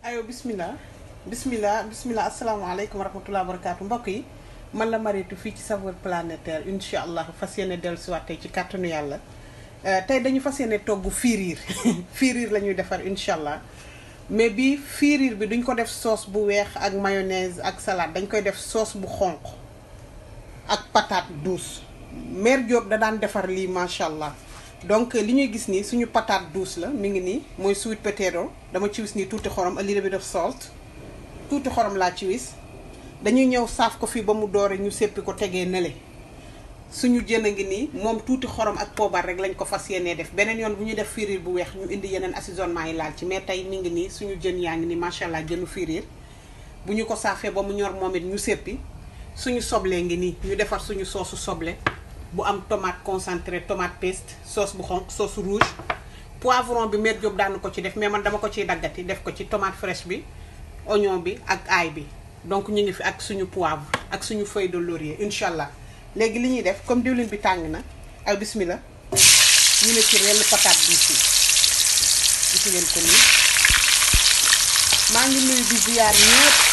ayo bismillah bismillah bismillah asalaamaaleykum wa rahmatulah barakaatu mbokk yi man la Mariétou fii ci saveur planétaire incha allah fas yéene dellusiwaat tey ci kàttanu yàlla euh, tey dañu fas yéene togg fiiriir fiiriir la ñuy defar incha allah mais bi fiiriir bi duñ ko def soos bu weex ak mayonnaise ak salaat dañ koy def soos bu xonq ak pataat douce mère Diop da daan defar lii macha allah. donc euh, li ñuy gis nii suñu patate douce la mi ngi nii mooy sweet potato dama ci wis nii tuuti xorom a little bit of salt tuuti xorom laa ci dañuy ñëw saaf ko fii ba mu dooree ñu seppi ko tegee nele suñu jën a ngi nii moom tuuti xorom ak poobar rek lañ ko fas yéenee def beneen yoon bu ñu def firiir bu weex ñu indi yeneen assaisonnement yi laal ci mais tey mi ngi nii suñu jën yaa ngi nii macha allah jënu firiir bu ñu ko saafee ba mu ñor moom it ñu seppi suñu soblee ngi nii ñu defar suñu soosu soble bu am tomate concentré tomate paste sauce bu xonq sauce rouge poivron bi mère Diop daan ko ci def mais man dama ko ciy daggati def ko ci tomate fraîche bi oignon bi ak ail bi donc ñu ngi fi ak suñu poivre ak suñu feuille de laurier incha allah léegi li ñuy def comme diwlin bi tàng na ak bismillah ñu ne ci rell patate bi fii gis ngeen ko nii maa ngi nuyu di ziar ñëpp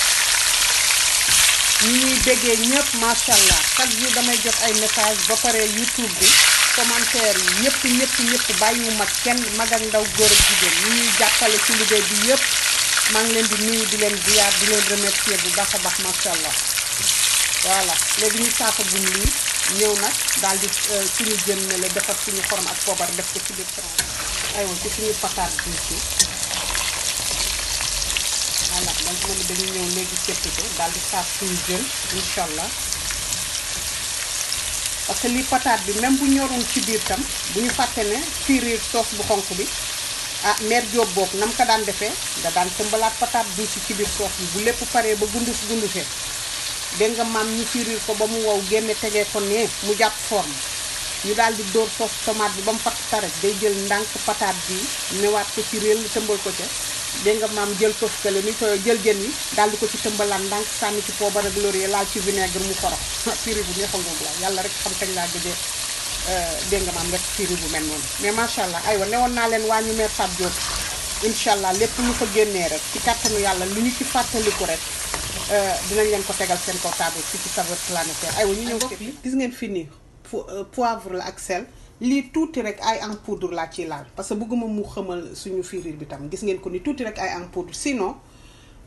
ñi ñuy déggee ñëpp macha allah chaque jour damay jot ay message ba pare YouTube bi commentaire yi ñëpp ñëpp ñëpp bàyyiwuma kenn mag ak ndaw góor ak jigéen ñu ñuy jàppale ci liggéey bi yëpp maa ngi leen di nuyu di leen ziar di leen remercier bu baax a baax macha allah voilà léegi ñu saako gum lii ñëw nag daal di euh, suñu jën ne la defar suñu xorom ak foobar def ko ci biir ay aywa ci suñu pataat bi ci voilà donc loolu dañuy ñëw léegi seppi ko daal di saaf suñu jën incha allah que lii pataat bi même bu ñorul ci biir tam bu ñu fàtte ne firiir soos bu xonk bi ah mère Diop boog nam ko daan defee nga daan tëmbalaat pataat duusi ci biir soos bi bu lépp paree ba gundus gundusee dégg nga maam ñu firiir ko ba mu wow génne tegee ko nee mu jàpp forme ñu daal di dóor soos tomate bi ba mu fatt taret day jël ndànk pataat bi newaat ko ci réel tëmbal ko ca dégg nga maam jël toftale ni jël jën yi daal di ko ci tëmbalaan ndànk sànni ci poobar ak laurier laal ci vinaigre mu xoro firi bu neex a ngoog yàlla rek xam kañ laa gëjee euh, dégg nga maam rek firi bu mel noonu mais macha allah aywa newoon naa leen waa ñu meer Pape Diop incha allah lépp lu fa génnee rek ci kàttanu yàlla lu ñu ci fàttaliku rek euh, dinañ leen ko tegal seen kaw table ci saveur planétaire aywa ñu ñëw gis ngeen fii nii euh, poivre la ak sel lii tuuti rek ay en poudre laa ci laal parce que bëgguma mu xamal suñu firir bi tam gis ngeen ko ni tuuti rek ay en poudre sinon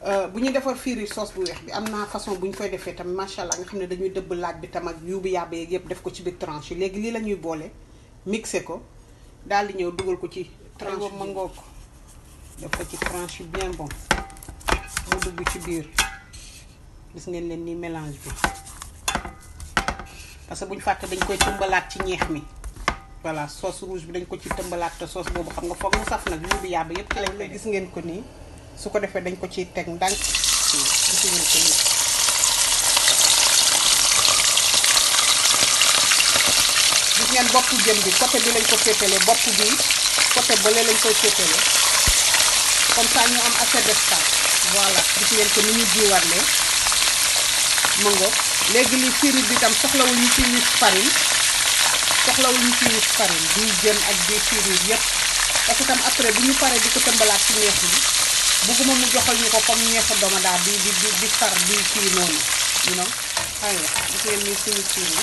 euh, bu ñuy defar firir sauce bu weex bi am naa façon bu ñu koy defee tam macha allah nga xam ne dañuy dëbb laaj bi tam ak yuubu yàbb yeeg yëpp def ko ci biir tranche yi léegi lii la ñuy boole mixé ko daal di ñëw dugal ko ci tranche ma ngoo ko def ko ci tranche bien bon mu dugg ci biir gis ngeen leen nii mélange bi parce que bu ñu dañ koy tumbalaat ci ñeex mi voilà sauce rouge bi dañ ko ci tëmbalaat te sauce boobu xam nga foog mu saf nag yóbbu yàbb yëpp ci lañ koy gis ngeen ko nii su ko defee dañ ko ciy teg ndànk gis ngeen ko nii gis ngeen bopp jën bi côté bi lañ ko féetale bopp bi côté bële lañ koy féetale comme ça ñu am assez de d'espace voilà gis ngeen ko ni ñu jiwarlee mu nga léegi li firi bi tam soxlawul ñu ci ñu farine soxlawuñu ci wut farine bii jën ak bii firiir yëpp parce que tam après bu ñu paree di ko tëmbalaat ci ñeex bi bugguma mu joxal ñu ko comme ñeexa doma daal di di di far di kii noonu you know xam nga gis ngeen ni suñu ciin la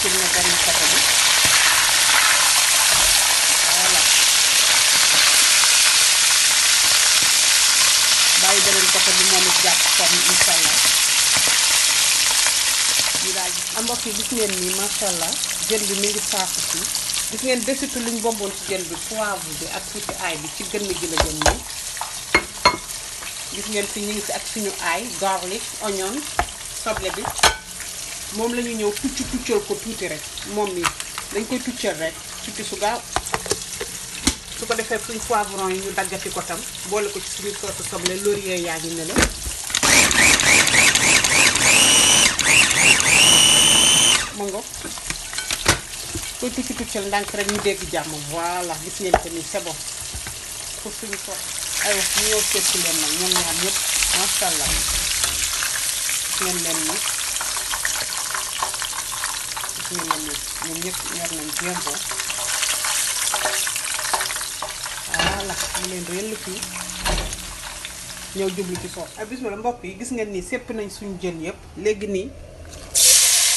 ciin na benn eh? sa bi voilà bàyyi beneen côté bi moom it jàpp comme incha allah Ah, mbokk yi gis ngeen nii macha allah jën bi mi ngi saaku si gis ngeen desitu luñ bomboon ci jën bi poivre bi ak tuuti aay bi ci gën gi la jëm nii gis ngeen fi ñu ngi si ak suñu aay garlic oignon soble bi moom la ñëw tucc tuccal ko tuuti rek moom mi dañ koy tuccal rek tuuti su gaaw su ko defee suñ poivron yi ñu daggati ko tam boole ko ci suñu soosu soble laurier yaa ngi ne la ngoog koy rek ñu dégg jàmm voilà gis ngeen ko nii c'est pour suñu ko aywa ñu ñëw seet ñëpp ñor nañ bien bon voilà mu leen rëll ci soos ay ah, bismillah mbokk yi gis ngeen nii sépp nañ suñu jën yëpp léegi nii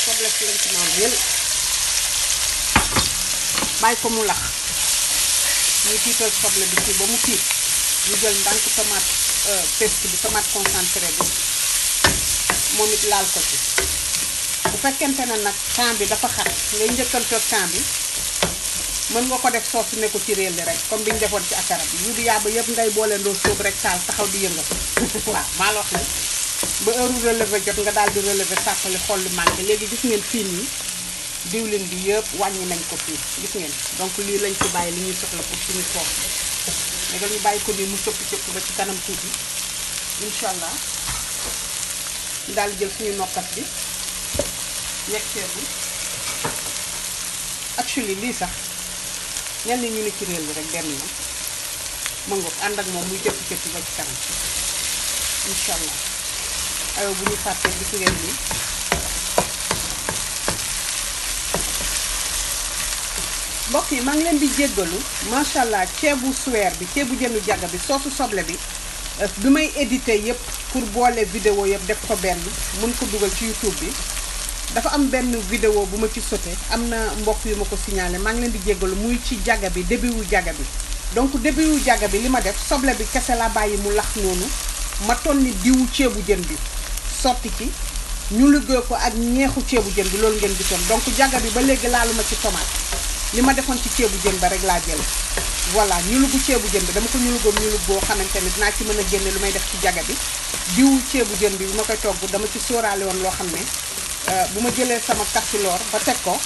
soble ci lañ ci naan yël bàyyi ko mu lax ñu tiital soble bi ci ba mu tiit ñu jël ndànk tomate euh, peste bi tomate concentré bi moom it laal ko ci bu fekkente ne nag temps bi dafa xat ngay njëkkantoog temps bi mën nga ko def soos ne ko ci réel li rek comme bi ñu defoon ci akara bi yu di yàbb yëpp ngay boole ndoo rek taal taxaw di yëngal waaw maa la la ba heure relevé jot nga daal di relevé tàppale xool lu manqué léegi gis ngeen fii nii diwlin bi yëpp wàññi nañ ko fii gis ngeen donc lii lañ ko bàyyi li ñuy soxla pour suñu foofu mais dañu bàyyi ko nii mu cëpp cëpp ba ci kanam tuuti incha allah ñu jël suñu nokkat bi yegsee bi actually lii sax ñenn ñu ne ci réel bi rek benn la mëngoog ànd ak moom muy cëpp cëpp ba ci kanam incha ayo bu ñu fàtte bi ci yi maa ngi leen di jéggalu macha allah ceebu suweer bi ceebu jënu jaga bi soosu soble bi euh, bi may édité yëpp pour boole vidéo yëpp def ko benn mën ko dugal ci YouTube bi dafa am benn vidéo bu ma ci sauté am na mbokk yu ma ko signalé maa ngi leen di jéggalu muy ci jaga bi début wu jaga bi donc début wu jaga bi li ma def soble bi kese laa bàyyi mu lax noonu ma ni diwu ceebu jën bi sotti ci ñu liggéey ko ak ñeexu ceebu jën bi loolu ngeen di gisoon donc jàngat bi ba léegi laaluma ci tomate li ma defoon ci ceebu jën ba rek laa jël voilà ñu lugg ceebu jën bi dama ko ñu luggoom boo xamante ne dinaa ci mën a génne lu may def ci jaga bi diw ceebu jën bi bi ma koy togg dama ci sóoraale woon loo xam ne euh, bu ma jëlee sama kastiloor ba teg ko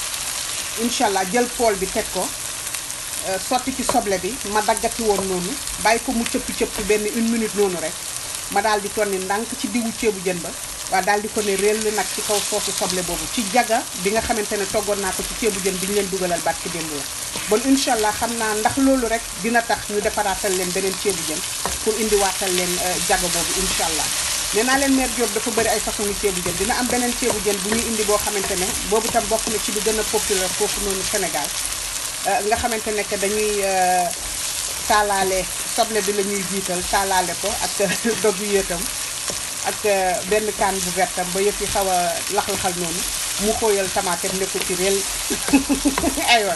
incha allah jël pool bi teg ko euh, sotti ci soble bi ma daggati woon noonu bàyyi ko mu cëpp cëpp benn une minute noonu rek ma daal di ko ne ndànk ci diwu ceebu jën ba waaw daal di ko ne réel nag ci kaw soosu soble boobu ci jaga bi nga xamante ne toggoon naa ko ci ceebu jën bi ñu leen dugalal barki démb la bon incha xam naa ndax loolu rek dina tax ñu defaraatal leen beneen ceebu jën pour indiwaatal leen euh, jaga boobu incha allah nee leen mère Diop dafa bëri ay façon ceebu jën dina am beneen ceebu jën bu ñu indi boo xamante ne boobu tam bokk na ci lu gën a populaire foofu noonu Sénégal euh, nga xamante ne que dañuy euh, taalaale soble bi la ñuy jiital taalaale ko ak dogu yëtam ak euh, benn kaan bu vertam ba yëpp yi xaw a lax-laxal noonu mu xóoyal tamaateem ne ko ci réel aywa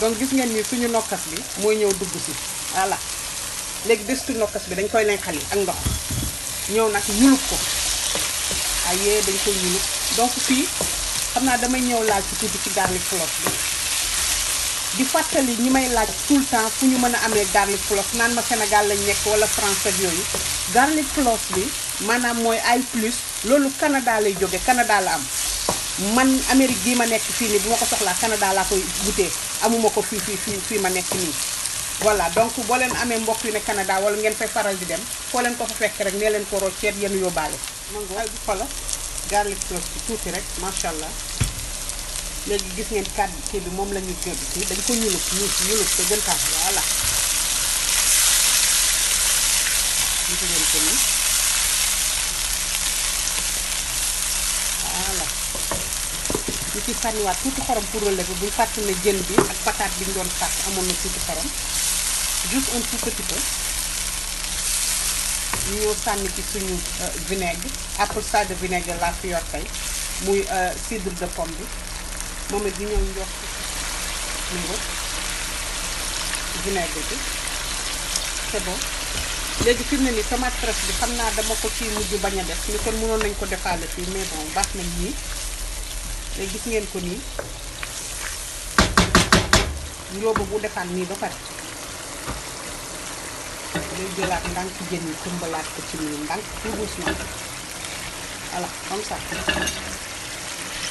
donc gis ngeen ni suñu nokkas bi mooy ñëw dugg si voilà léegi desitu nokkas bi dañ koy lenqal yi ak ndox ñëw nag ñulub ko ay yee dañ koy ñulub donc fii xam naa damay ñëw laal ci tuuti ci garlic clove di fàttali ñi may laaj tout le temps fu ñu mën a amee garlic clove naan ma Sénégal lañ nekk wala France ak yooyu garlic clove bi maanaam mooy ay plus loolu Canada lay jóge Canada la am man Amérique gii ma nekk fii nii bu ma ko soxlaa Canada laa koy wutee amuma ko fii fii fii fii ma nekk nii voilà donc boo leen amee mbokk yu ne Canada wala ngeen fay faral di dem foo leen ko fa fekk rek nee leen ko rocceet yéen yóbbaale. mën nga ay xoolal garlic clove bi tuuti rek macha allah. léegi gis ngeen kàddu kii moom la ñu jot dañ ko ñulub ñu ñulub te gën kaa voilà ko nii voilà ñu ci sànniwaat tuuti xorom pour relever jën bi ak pataat bi ñu doon fàtt amoon na tuuti xorom juste un tout petit peu ñu ñëw sànni euh, vinaigre laa fi yor muy euh, cidre de pomme bi mom di moom it ñu ko mbir vinaigre ci c'est bon légui fi mu sama nii bi xamna dama ko ci muju baña def ni kon mënon nañ ko defaale ci mais bon bax nañ ni légui gis ngeen ko ni ñu njóoba bu defaan ni ba pare day jëlaat ndànk jën yi tumbalaat ko ci ni ndank ci buus noonu voilà comme ça gis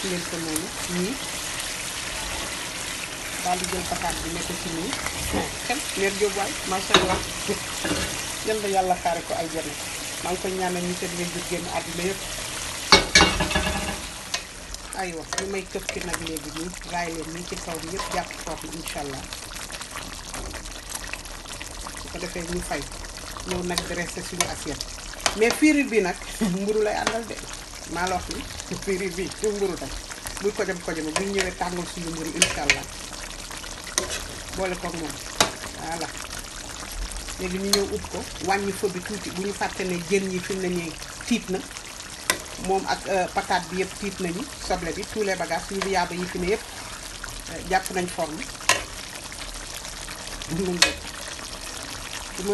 ngeen ko noonu ni daal di jël pataat bi nekk ci nii xem meer jóob waay macha allah yal na yàlla xaare ko ay jëriñ maa ngi koy ñaanal ñu seen wéjjur génn àdduna yëpp aywa li may këf ki nag léegi nii raay leen nii ci kaw bi yëpp jàpp foofu incha allah su ko defee ñu fay ñëw nag suñu assiette mais firir bi nag mburu lay àndal de maa la wax ni firir bi mburu ko dem ko ñëwee tàngal suñu mburu incha allah boole le moom voilà léegi ñu ñëw ko wàññi fo bi tuuti bu ñu fàtte ne jën yi fi mu ak euh, patate bi yëpp tiit nañu bi tous les bagages yaaba yi fi ne yëpp euh, jàpp forme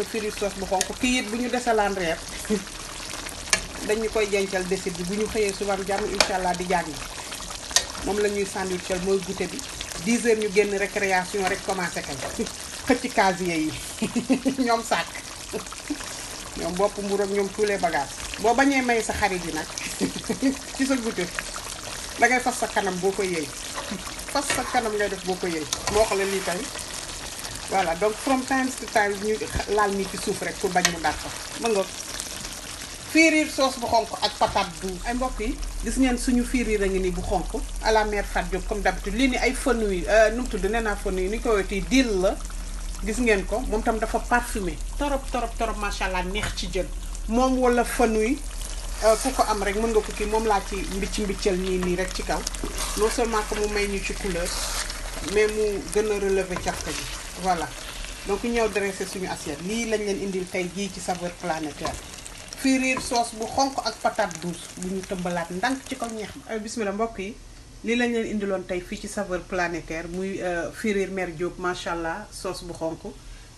firi sos bu xonk bu dañu koy jencal desit bi bu ñu xëyee suba di jàng moom la ñuy sandwichal mooy goûté bi 10 heures ñu génn récréation rek commencé kañ xëcc casier yi ñoom sàkk ñoom bopp mburu ak ñoom tous les bagages boo bañee maye sa xarit yi nag ci sa goûter da fas sa kanam boo ko yëy fas sa kanam ngay def boo ko yëy moo xam ne lii tey voilà donc from time to time ñu laal nii ci suuf rek pour bañ mu dàq mën nga firir sos bu xonk ak patate bu ay mbokk yi gis ngeen suñu firir a ngi ni bu xonk à la mère fat diop comme d'habitude lii ni ay fënu yi euh, nu tudd nee naa yi ni ko weti dil la gis ngeen ko moom tam dafa parfumé torop torop torop macha allah neex ci jën moom wala fënu yi euh, ku ko am rek mën nga ko kii moom laa ci mbicc mbiccal nii nii rek ci kaw non seulement que mu may ñu ci couleur mais mu gën a relever cafka ji voilà donc ñëw dressé suñu assiette lii lañ leen indil tey ci saveur planétaire firiir soos bu xonq ak patate douce bu ñu tëmbalaat ndànk ci kaw ñeex ma eh, bismillah mbokk yi lii lañ leen indiloon tey fii ci saveur planetaire muy euh, firiir mère Diop macha allah soos bu xonq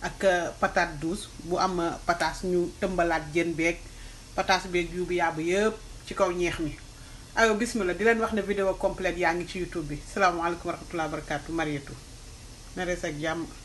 ak euh, patate douce bu am euh, pataas ñu tëmbalaat jën beeg pataas beeg yubu yàbb yëpp ci kaw ñeex mi ayo bismillah di leen wax ne vidéo complet yaa ngi ci youtube bi salaamaaleykum wa rahmatulah barakaatu Marietou na ak jàmm